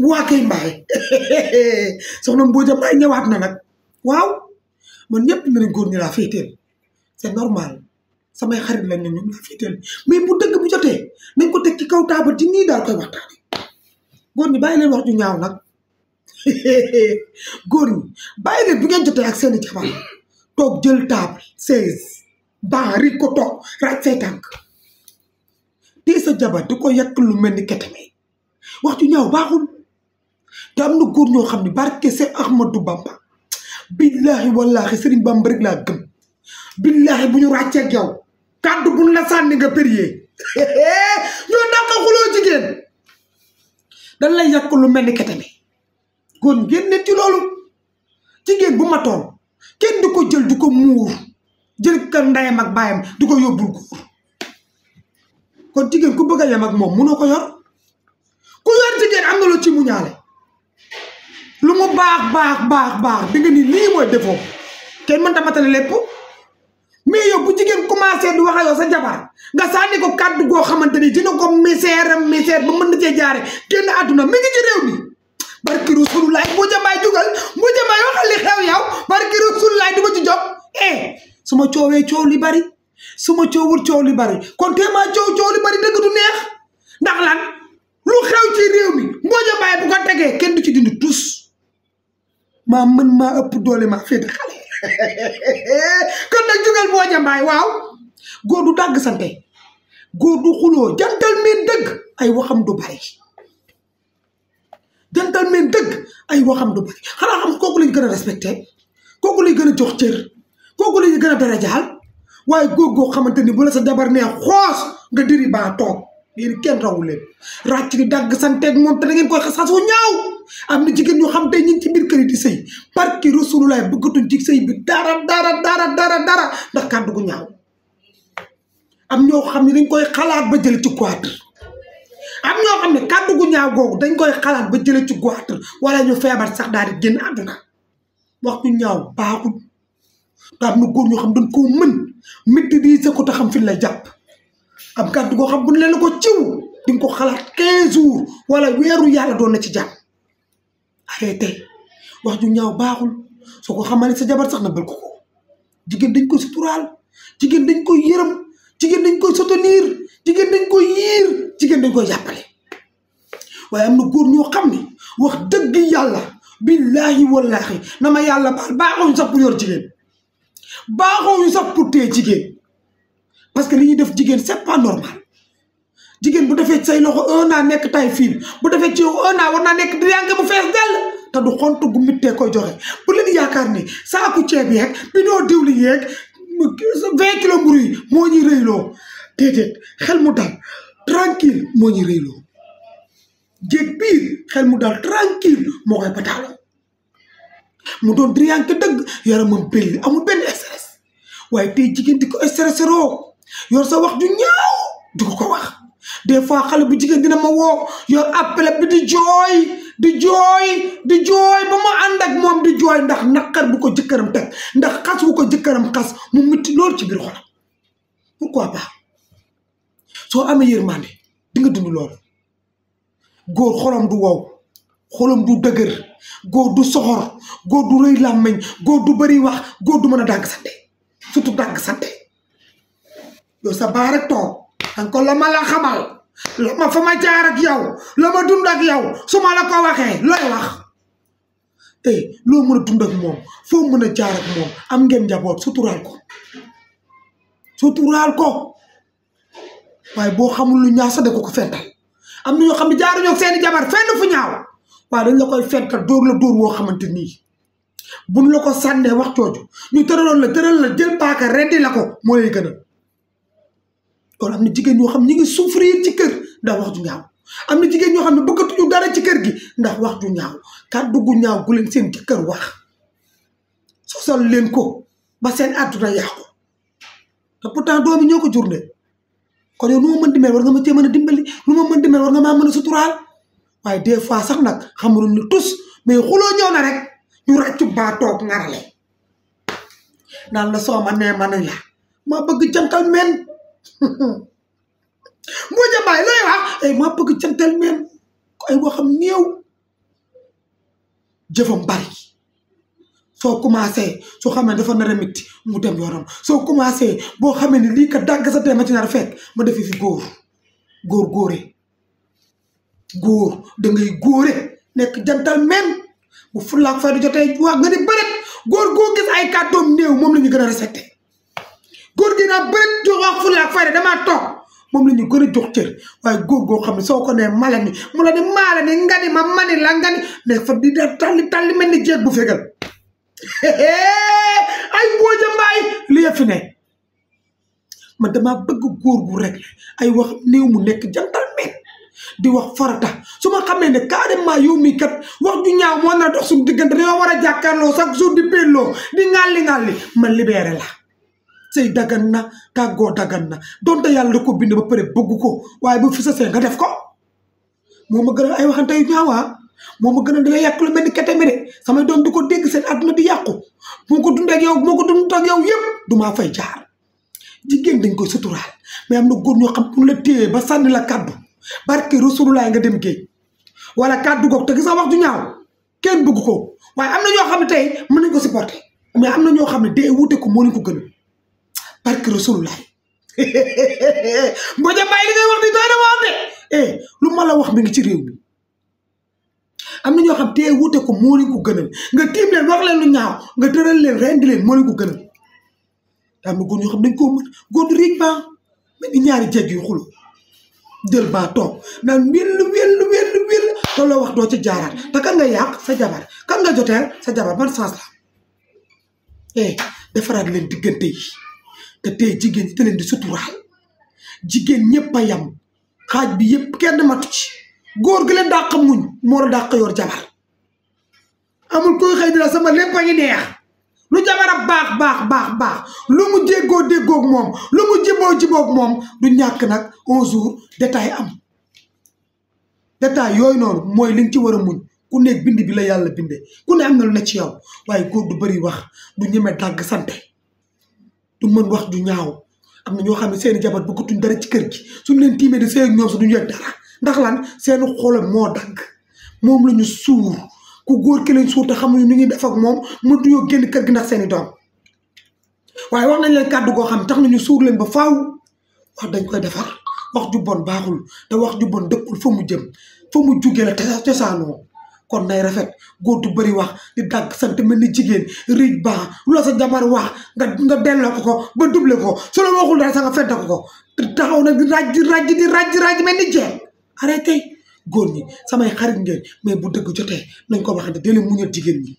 waa kay mbaay soxna Mbodia Mbaye ñëwaat na nag waaw man ñëpp mbirum góor ñi laa féeteel c'est normal samay xarit lañ ne ñoom mais bu dëgg bu jotee nañ ko teg ci kaw taabal ci nii daal koy waxtaane góor ñi bàyyi leen wax ju ñaaw nag góor ñi bu ngeen jotee ak seeni jabar toog jël taabal seize ban ri ko toog raaj say tànk te sa jabar di ko yàq lu mel ni ketame wax ju ñaaw baaxul am na góor ñoo xam ni barke Seex Ahmadou Bamba billaahi wallaahi Sëriñ Bamba rek laa bu ñu ràcceeg yow kàddu buñ la sànni nga périer ñoo dàqa xuloo jigéen dañ lay yàq lu mel ni kete bi kon génne ci jigéen bu matoon kenn du ko jël du ko muur jël ka ndayam baayam du ko yóbbul góor kon jigéen ku bëgg a yem moom munoo ko yor ku yor jigéen am na loo ci muñaale mu baax baax baax baax di nga ni lii mooy défaut kenn mënta matale lépp mais yow bu jigéen commencé di wax ak yow sa jabar nga sànni ko kàddu goo xamante ni dina ko misère misère ba mën na cee jaare génn àdduna mi ngi ci réew mi barki Rasulullah bu jamaay yow barki Rasulullah di ma ci jóg eh, su ma coowee coow li bari su ma coowul coow li bari kon téemaa coow coow li bari dëgg du neex ndax lan lu xew ci réew mi maa mën maa ëpp doole maa féete xale kon nag jugal boo jambaay waaw góor du dàgg sante góor du xuloo jantal meen dëgg ay waxam du bari jantal dëgg ay waxam du bari xanaa xam kooku lañ gën a respecté kooku lañ gën a jox cër kooku lañ gën a darajaal waaye góor goo xamante ni bu la sa jabar nee xoos nga diri toog yéen kenn rawul leen ràcc di dàgg santeeg moom te da ngeen koy ñaaw am na jigéen ñoo xam tey ñu ngi ci biir kër yi di sëy barki Rasulullah bëggatuñ ci sëy bi dara dara dara dara dara ndax kàddu gu ñaaw am ñoo xam ne dañ koy xalaat ba jële ci cadre am ñoo xam ne kàddu gu ñaaw googu dañ koy xalaat ba jële ci cadre wala ñu feebar sax daal di génn àdduna wax ñu ñaaw baaxul te am na góor ñoo xam dañ koo mën maîtriser ko te xam fi la jàpp am kàddu goo xam bu ne la ko ciw di ko xalaat 15 jours wala weeru yàlla doon na ci jàpp arrêté wax ju ñaaw baaxul soo ko xamal sa jabar sax na bël ko jigéen dañ koy suturaal jigéen dañ koy yërëm jigéen dañ koy soutenir jigéen dañ koy yiir jigéen dañ koy jàppale waaye am na góor ñoo xam ne wax dëgg yàlla billaahi wallaahi na ma yàlla baal baaxuñu sax pour yor jigéen baaxuñu sax pour téye jigéen parce que li ñuy def jigéen c'est pas normal jigéen bu defee say loxo un nekk tay fiil bu defee ci un an war naa nekk diriyànge bu fees dell te du xont gu mittee koy joxe bu leen yaakaar ni saaku ceeb yeeg bi doo diwli yeeg vingt moo ñuy rëyloo déedéet xel mu dal tranquille moo ñuy rëyloo mu dal tranquille moo koy bataaloo mu doon benn stress waaye tey jigéen di ko stressé roo yor sa wax ju ñaaw du ko ko wax des fois xale bu jigéen dina ma woo yor appel bi di jooy di jooy di ba ma ànd ak moom di jooy ndax naqar bu ko jëkkëram teg ndax xas bu ko jëkkëram xas mu metti loolu ci biir xolam pourquoi pas soo amee yërmande di nga dund loolu góor xolam du wow xolam du dëgër góor du soxor góor du rëy làmmiñ góor du bari wax góor du mën a dàgg sante surtout dàgg sante yow sa toog encore la ma la xamal fa ma jaar ak yow la ma dund ak yow su ma la ko waxee looy wax eh loo mën a moom foo mën a jaar ak moom am ngeen njaboot suturaal ko suturaal ko waaye boo xamul lu ñaaw sax da ko ko fental am na ñoo xam ne jaaruñoo seeni jabar fenn fu ñaaw waaye dañ la koy fental la dóor woo xamante nii buñ la ko sànnee wax cooju ñu tëraloon la tëral la jël paaka rendi la ko moo lay gënal loolu am na jigéen ñoo xam ñu ngi souffrir ci kër ndax wax ju ñaaw am na jigéen ñoo xam ne bëggatuñu dara ci kër gi ndax wax ju ñaaw kàddu gu ñaaw gu leen seen jëkkër wax sosal leen ko ba seen àdduna yàqu te pourtant doomi ñoo ko jur de kon yow ma mën di mel war nga ma cee mën a dimbali nu ma mën di mel war nga maa mën a suturaal waaye des fois sax nag xamuñu ne tus mais xuloo ñëw na rek ñu ràccu baa toog ngarale naan la soo ma nee ma nañ la maa bëgg Mbodia Mbaye looy wax ay maa bëgg cantal meen ay waxam néew jëfam bari soo commencé soo xamee dafa nar a métti mu dem yoonam soo commencé boo xamee ne lii ka dàgg sa tee ma ci nar fekk ma defi fi góor góor góore góor dangay góore nekk jantal meen bu fulaak fay du jotee wax nga ni bëret góor goo gis ay kàddoom néew moom la ñu gën a respecté góor gi naa bëri jox wax fulla ak fayda damaa toog moom la ñu gën a jox cër waaye góor goo xam ne soo ko ne mala ni mu la ni maala ni nga ma mani la nga ni ne fa di da mel ni jeeg bu fegal ay Mbodia Mbaye li wax néew mu nekk jantal di wax farata su ma xamee ne carrément yow mii kat wax ju ñaaw moo na dox suñu diggante dañoo war a jàkkaarloo chaque jour di pelloo di ŋàlli ŋàlli man libéré la sëy dagan na tàggoo dagan na donte yàlla da ko bind ba pare bëgg ko waaye bu fi sa see nga def ko moo ma gën a ay waxante yu ñaawaa ah. moo ma gën a dala yàq lu mel ni ketemi de samay doom di ko dégg seen àdduna di yàqu bu ko dundee ak yow bu ko dund ak yow yëpp du maa fay jaar jigéen dañ koy suturaal mais am na góor ñoo xam pour la téye ba sànni la kàddu barke Rasulullah nga dem géej wala kàddu goog te gis wax ju ñaaw kenn bëgg ko waaye am na ñoo xam ne tey nañ ko supporter mais am na ñoo xam ne dee wute ko moo leen ko gën barke Rasulullaay Mbodia Mbaye li ngay wax ni doy na de eh, lu ma a wax mi ngi ci réew mi am na ñoo xam te wute ko moo leen ko gënal nga tiim leen wax leen lu ñaaw nga tëral leen rendi leen moo leen ko gënal daa ma góor xam dañ koo mën góor du riiñ baa mel ni ñaari jeg yu xulo jël baa toog naan wel wel wel wel wax doo ci jaaraat te kan nga yàq sa jabar kan nga joteel sa jabar ban sens la eh defaraat leen diggante yi te tey jigéen ñi te leen di suturaal jigéen ñépp a yam xaaj bi yëpp kenn matu ci góor gi leen dàq muñ moo la dàq yor jabar amul koy xëy dina sama lépp a ngi neex lu jabaram baax baax baax lu mu déggoo déggoog moom lu mu jiboo jiboog moom du ñàkk nag un jour am détail yooyu noonu mooy li nga war a muñ ku nekk bind bi la yàlla binde ku ne am na lu ne ci yow waaye góor du bëri wax du ñeme dàgg sante du mën wax ju ñaaw am na ñoo xam ne seeni jabar bëggatuñ dara ci kër gi suñ leen tiimee di sëy ak ñoom sax duñu yëg dara ndax lan seeni xolam moo dagg moom la ñu suur ku góor ki lañ suur te xamuñu ni ñuy def ak moom mu duyoo génn kër gi ndax seeni doom waaye wax nañ leen kàddu goo xam tax nañu suur leen ba faaw wax dañ koy defar wax ju bon baaxul te wax ju bon dëkkul fa mu jëm fa mu jugee la te cosaanoo kon day rafet góor du bëri wax di dàgg sant mel ni jigéen riij baax lu la sa jabar wax nga nga delloo ko ko ba duble ko su la waxul dara sax nga fente ko ko taxaw nag di ràjj ràjj di ràjj ràjj mel ni jeel arrêté góor ñi samay xarit ngeen mais bu dëgg jotee nañ ko wax de dee leen muñal jigéen ñi